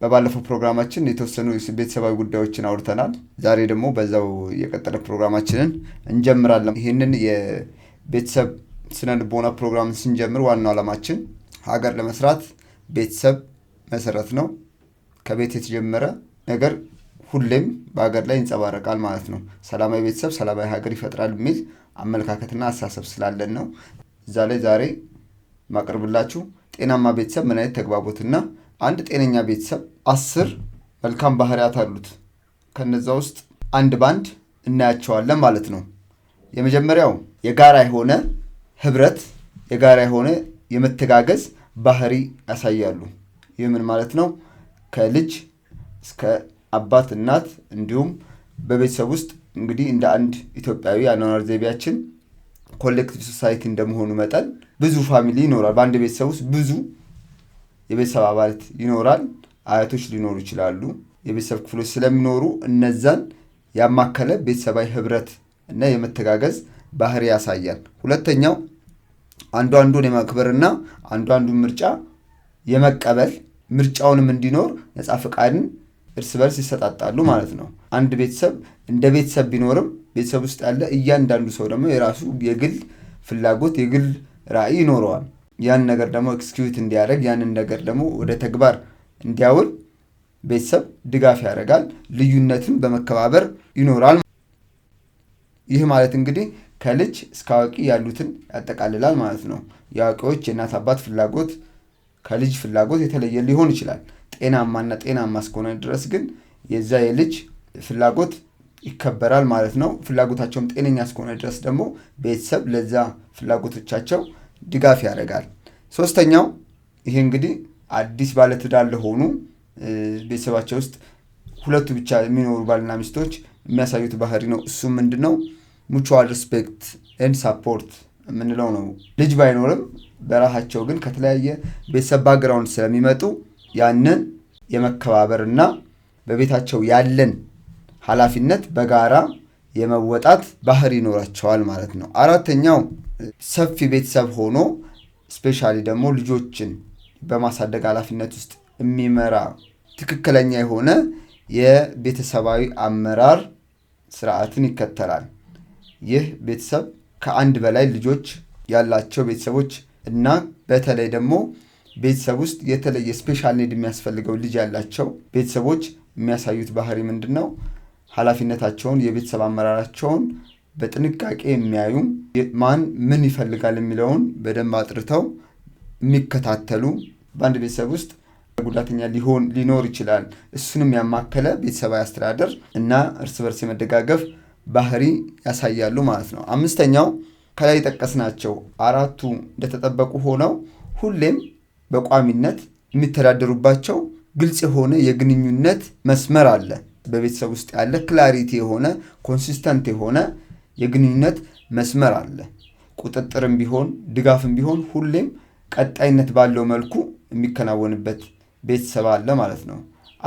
በባለፈው ፕሮግራማችን የተወሰኑ ቤተሰባዊ ጉዳዮችን አውርተናል። ዛሬ ደግሞ በዛው የቀጠለ ፕሮግራማችንን እንጀምራለን። ይህንን የቤተሰብ ስነ ልቦና ፕሮግራምን ስንጀምር ዋናው ዓላማችን ሀገር ለመስራት ቤተሰብ መሰረት ነው። ከቤት የተጀመረ ነገር ሁሌም በሀገር ላይ ይንጸባረቃል ማለት ነው። ሰላማዊ ቤተሰብ ሰላማዊ ሀገር ይፈጥራል የሚል አመለካከትና አሳሰብ ስላለን ነው። እዛ ላይ ዛሬ ማቅርብላችሁ ጤናማ ቤተሰብ ምን አይነት ተግባቦትና አንድ ጤነኛ ቤተሰብ አስር መልካም ባህሪያት አሉት። ከነዛ ውስጥ አንድ ባንድ እናያቸዋለን ማለት ነው። የመጀመሪያው የጋራ የሆነ ህብረት፣ የጋራ የሆነ የመተጋገዝ ባህሪ ያሳያሉ። ይህ ምን ማለት ነው? ከልጅ እስከ አባት እናት፣ እንዲሁም በቤተሰብ ውስጥ እንግዲህ እንደ አንድ ኢትዮጵያዊ አኗኗር ዘይቤያችን ኮሌክቲቭ ሶሳይቲ እንደመሆኑ መጠን ብዙ ፋሚሊ ይኖራል። በአንድ ቤተሰብ ውስጥ ብዙ የቤተሰብ አባላት ይኖራል። አያቶች ሊኖሩ ይችላሉ። የቤተሰብ ክፍሎች ስለሚኖሩ እነዛን ያማከለ ቤተሰባዊ ህብረት እና የመተጋገዝ ባህሪ ያሳያል። ሁለተኛው አንዱ አንዱን የማክበርና አንዱ አንዱን ምርጫ የመቀበል ምርጫውንም እንዲኖር ነፃ ፈቃድን እርስ በርስ ይሰጣጣሉ ማለት ነው። አንድ ቤተሰብ እንደ ቤተሰብ ቢኖርም ቤተሰብ ውስጥ ያለ እያንዳንዱ ሰው ደግሞ የራሱ የግል ፍላጎት የግል ራዕይ ይኖረዋል። ያን ነገር ደግሞ ኤክስኪዩት እንዲያደርግ ያንን ነገር ደግሞ ወደ ተግባር እንዲያውል ቤተሰብ ድጋፍ ያደርጋል። ልዩነትን በመከባበር ይኖራል። ይህ ማለት እንግዲህ ከልጅ እስከ አዋቂ ያሉትን ያጠቃልላል ማለት ነው። የአዋቂዎች የእናት አባት ፍላጎት ከልጅ ፍላጎት የተለየ ሊሆን ይችላል። ጤናማና ጤናማ እስከሆነ ድረስ ግን የዛ የልጅ ፍላጎት ይከበራል ማለት ነው። ፍላጎታቸውም ጤነኛ እስከሆነ ድረስ ደግሞ ቤተሰብ ለዛ ፍላጎቶቻቸው ድጋፍ ያደርጋል። ሶስተኛው ይሄ እንግዲህ አዲስ ባለትዳር ለሆኑ ቤተሰባቸው ውስጥ ሁለቱ ብቻ የሚኖሩ ባልና ሚስቶች የሚያሳዩት ባህሪ ነው። እሱም ምንድን ነው? ሙቹዋል ሪስፔክት ኤንድ ሳፖርት የምንለው ነው። ልጅ ባይኖርም በራሳቸው ግን ከተለያየ ቤተሰብ ባግራውንድ ስለሚመጡ ያንን የመከባበር እና በቤታቸው ያለን ኃላፊነት በጋራ የመወጣት ባህሪ ይኖራቸዋል ማለት ነው። አራተኛው ሰፊ ቤተሰብ ሆኖ ስፔሻሊ ደግሞ ልጆችን በማሳደግ ኃላፊነት ውስጥ የሚመራ ትክክለኛ የሆነ የቤተሰባዊ አመራር ስርዓትን ይከተላል። ይህ ቤተሰብ ከአንድ በላይ ልጆች ያላቸው ቤተሰቦች እና በተለይ ደግሞ ቤተሰብ ውስጥ የተለየ ስፔሻል ኔድ የሚያስፈልገው ልጅ ያላቸው ቤተሰቦች የሚያሳዩት ባህሪ ምንድን ነው? ኃላፊነታቸውን የቤተሰብ አመራራቸውን በጥንቃቄ የሚያዩ ማን ምን ይፈልጋል የሚለውን በደንብ አጥርተው የሚከታተሉ በአንድ ቤተሰብ ውስጥ ጉዳተኛ ሊሆን ሊኖር ይችላል። እሱንም ያማከለ ቤተሰባዊ አስተዳደር እና እርስ በርስ የመደጋገፍ ባህሪ ያሳያሉ ማለት ነው። አምስተኛው ከላይ የጠቀስናቸው አራቱ እንደተጠበቁ ሆነው ሁሌም በቋሚነት የሚተዳደሩባቸው ግልጽ የሆነ የግንኙነት መስመር አለ። በቤተሰብ ውስጥ ያለ ክላሪቲ የሆነ ኮንሲስተንት የሆነ የግንኙነት መስመር አለ። ቁጥጥርም ቢሆን ድጋፍም ቢሆን ሁሌም ቀጣይነት ባለው መልኩ የሚከናወንበት ቤተሰብ አለ ማለት ነው።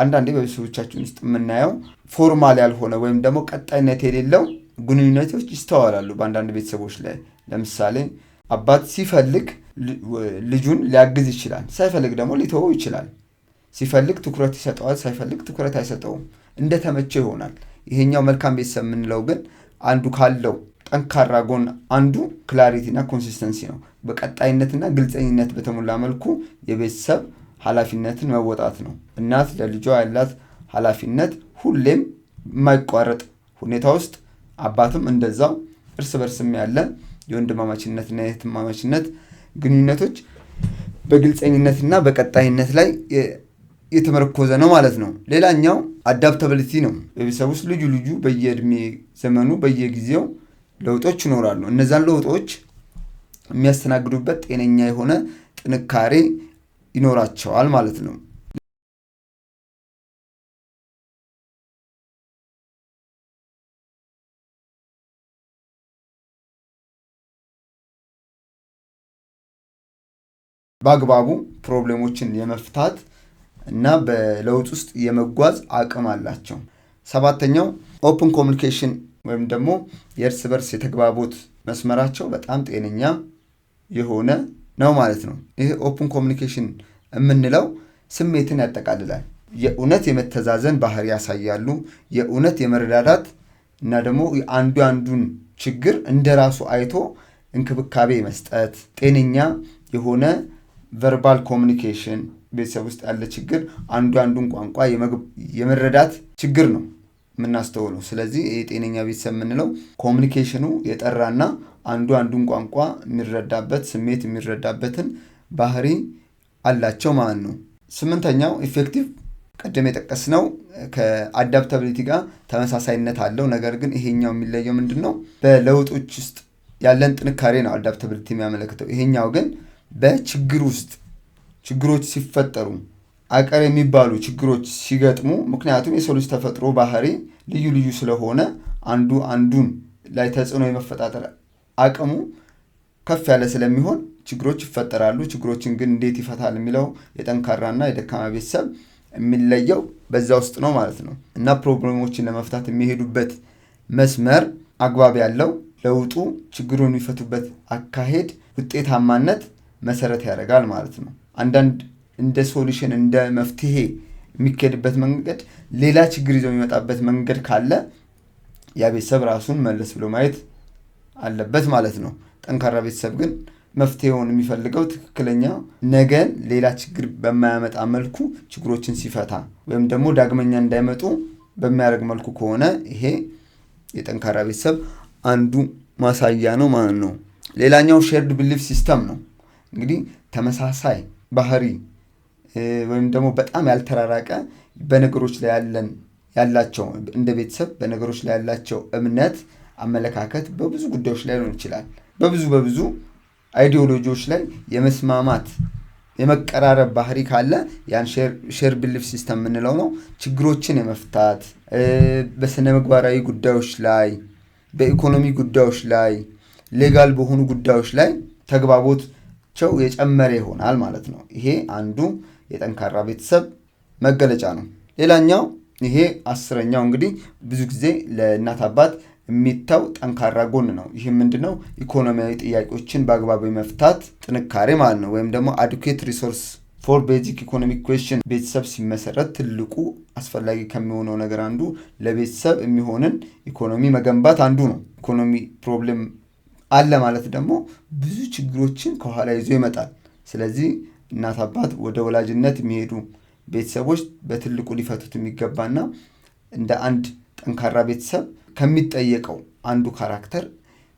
አንዳንዴ በቤተሰቦቻችን ውስጥ የምናየው ፎርማል ያልሆነ ወይም ደግሞ ቀጣይነት የሌለው ግንኙነቶች ይስተዋላሉ በአንዳንድ ቤተሰቦች ላይ። ለምሳሌ አባት ሲፈልግ ልጁን ሊያግዝ ይችላል፣ ሳይፈልግ ደግሞ ሊተወው ይችላል። ሲፈልግ ትኩረት ይሰጠዋል፣ ሳይፈልግ ትኩረት አይሰጠውም። እንደተመቸው ይሆናል። ይሄኛው መልካም ቤተሰብ የምንለው ግን አንዱ ካለው ጠንካራ ጎን አንዱ ክላሪቲና ኮንሲስተንሲ ነው። በቀጣይነትና ግልፀኝነት በተሞላ መልኩ የቤተሰብ ኃላፊነትን መወጣት ነው። እናት ለልጇ ያላት ኃላፊነት ሁሌም የማይቋረጥ ሁኔታ ውስጥ አባትም እንደዛው እርስ በርስም ያለ የወንድማማችነትና የእህትማማችነት ግንኙነቶች በግልፀኝነትና በቀጣይነት ላይ የተመረኮዘ ነው ማለት ነው። ሌላኛው አዳፕታብሊቲ ነው። በቤተሰብ ውስጥ ልጁ ልጁ በየእድሜ ዘመኑ በየጊዜው ለውጦች ይኖራሉ። እነዛን ለውጦች የሚያስተናግዱበት ጤነኛ የሆነ ጥንካሬ ይኖራቸዋል ማለት ነው። በአግባቡ ፕሮብሌሞችን የመፍታት እና በለውጥ ውስጥ የመጓዝ አቅም አላቸው። ሰባተኛው ኦፕን ኮሚኒኬሽን ወይም ደግሞ የእርስ በርስ የተግባቦት መስመራቸው በጣም ጤነኛ የሆነ ነው ማለት ነው። ይህ ኦፕን ኮሚኒኬሽን የምንለው ስሜትን ያጠቃልላል። የእውነት የመተዛዘን ባህሪ ያሳያሉ። የእውነት የመረዳዳት እና ደግሞ አንዱ አንዱን ችግር እንደራሱ አይቶ እንክብካቤ መስጠት፣ ጤነኛ የሆነ ቨርባል ኮሚኒኬሽን ቤተሰብ ውስጥ ያለ ችግር አንዱ አንዱን ቋንቋ የመረዳት ችግር ነው የምናስተውለው። ስለዚህ የጤነኛ ቤተሰብ የምንለው ኮሚኒኬሽኑ የጠራና አንዱ አንዱን ቋንቋ የሚረዳበት ስሜት የሚረዳበትን ባህሪ አላቸው ማለት ነው። ስምንተኛው ኢፌክቲቭ ቀደም የጠቀስነው ከአዳፕታብሊቲ ጋር ተመሳሳይነት አለው። ነገር ግን ይሄኛው የሚለየው ምንድን ነው? በለውጦች ውስጥ ያለን ጥንካሬ ነው አዳፕታብሊቲ የሚያመለክተው። ይሄኛው ግን በችግር ውስጥ ችግሮች ሲፈጠሩ አቀር የሚባሉ ችግሮች ሲገጥሙ፣ ምክንያቱም የሰው ልጅ ተፈጥሮ ባህሪ ልዩ ልዩ ስለሆነ አንዱ አንዱን ላይ ተጽዕኖ የመፈጣጠር አቅሙ ከፍ ያለ ስለሚሆን ችግሮች ይፈጠራሉ። ችግሮችን ግን እንዴት ይፈታል የሚለው የጠንካራና የደካማ ቤተሰብ የሚለየው በዛ ውስጥ ነው ማለት ነው እና ፕሮብሌሞችን ለመፍታት የሚሄዱበት መስመር አግባብ ያለው ለውጡ ችግሩን የሚፈቱበት አካሄድ ውጤታማነት መሰረት ያደርጋል ማለት ነው። አንዳንድ እንደ ሶሉሽን እንደ መፍትሄ የሚካሄድበት መንገድ ሌላ ችግር ይዞ የሚመጣበት መንገድ ካለ ያ ቤተሰብ ራሱን መለስ ብሎ ማየት አለበት ማለት ነው። ጠንካራ ቤተሰብ ግን መፍትሄውን የሚፈልገው ትክክለኛ ነገን ሌላ ችግር በማያመጣ መልኩ ችግሮችን ሲፈታ ወይም ደግሞ ዳግመኛ እንዳይመጡ በሚያደርግ መልኩ ከሆነ ይሄ የጠንካራ ቤተሰብ አንዱ ማሳያ ነው ማለት ነው። ሌላኛው ሼርድ ብሊፍ ሲስተም ነው። እንግዲህ ተመሳሳይ ባህሪ ወይም ደግሞ በጣም ያልተራራቀ በነገሮች ላይ ያለን ያላቸው እንደ ቤተሰብ በነገሮች ላይ ያላቸው እምነት፣ አመለካከት በብዙ ጉዳዮች ላይ ሊሆን ይችላል። በብዙ በብዙ አይዲዮሎጂዎች ላይ የመስማማት የመቀራረብ ባህሪ ካለ ያን ሼር ብልፍ ሲስተም የምንለው ነው። ችግሮችን የመፍታት በስነ ምግባራዊ ጉዳዮች ላይ፣ በኢኮኖሚ ጉዳዮች ላይ፣ ሌጋል በሆኑ ጉዳዮች ላይ ተግባቦት ቸው የጨመረ ይሆናል ማለት ነው። ይሄ አንዱ የጠንካራ ቤተሰብ መገለጫ ነው። ሌላኛው ይሄ አስረኛው እንግዲህ ብዙ ጊዜ ለእናት አባት የሚታው ጠንካራ ጎን ነው። ይህ ምንድነው? ኢኮኖሚያዊ ጥያቄዎችን በአግባቡ መፍታት ጥንካሬ ማለት ነው። ወይም ደግሞ አዱኬት ሪሶርስ ፎር ቤዚክ ኢኮኖሚክ ኩዌሽን ቤተሰብ ሲመሰረት ትልቁ አስፈላጊ ከሚሆነው ነገር አንዱ ለቤተሰብ የሚሆንን ኢኮኖሚ መገንባት አንዱ ነው። ኢኮኖሚ ፕሮብሌም አለ ማለት ደግሞ ብዙ ችግሮችን ከኋላ ይዞ ይመጣል። ስለዚህ እናት አባት ወደ ወላጅነት የሚሄዱ ቤተሰቦች በትልቁ ሊፈቱት የሚገባና እንደ አንድ ጠንካራ ቤተሰብ ከሚጠየቀው አንዱ ካራክተር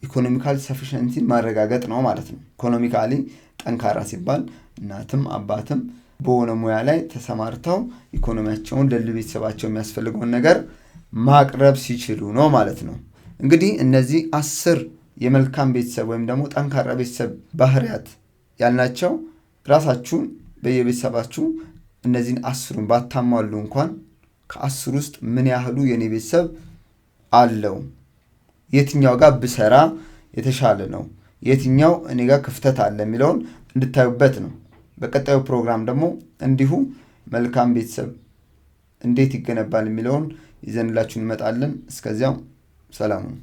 ኢኮኖሚካል ሰፊሽንሲ ማረጋገጥ ነው ማለት ነው። ኢኮኖሚካሊ ጠንካራ ሲባል እናትም አባትም በሆነ ሙያ ላይ ተሰማርተው ኢኮኖሚያቸውን ቤተሰባቸው የሚያስፈልገውን ነገር ማቅረብ ሲችሉ ነው ማለት ነው። እንግዲህ እነዚህ አስር የመልካም ቤተሰብ ወይም ደግሞ ጠንካራ ቤተሰብ ባህሪያት ያልናቸው ራሳችሁን በየቤተሰባችሁ እነዚህን አስሩን ባታሟሉ እንኳን ከአስር ውስጥ ምን ያህሉ የእኔ ቤተሰብ አለው? የትኛው ጋር ብሰራ የተሻለ ነው? የትኛው እኔ ጋር ክፍተት አለ የሚለውን እንድታዩበት ነው። በቀጣዩ ፕሮግራም ደግሞ እንዲሁ መልካም ቤተሰብ እንዴት ይገነባል የሚለውን ይዘንላችሁ እንመጣለን። እስከዚያው ሰላሙን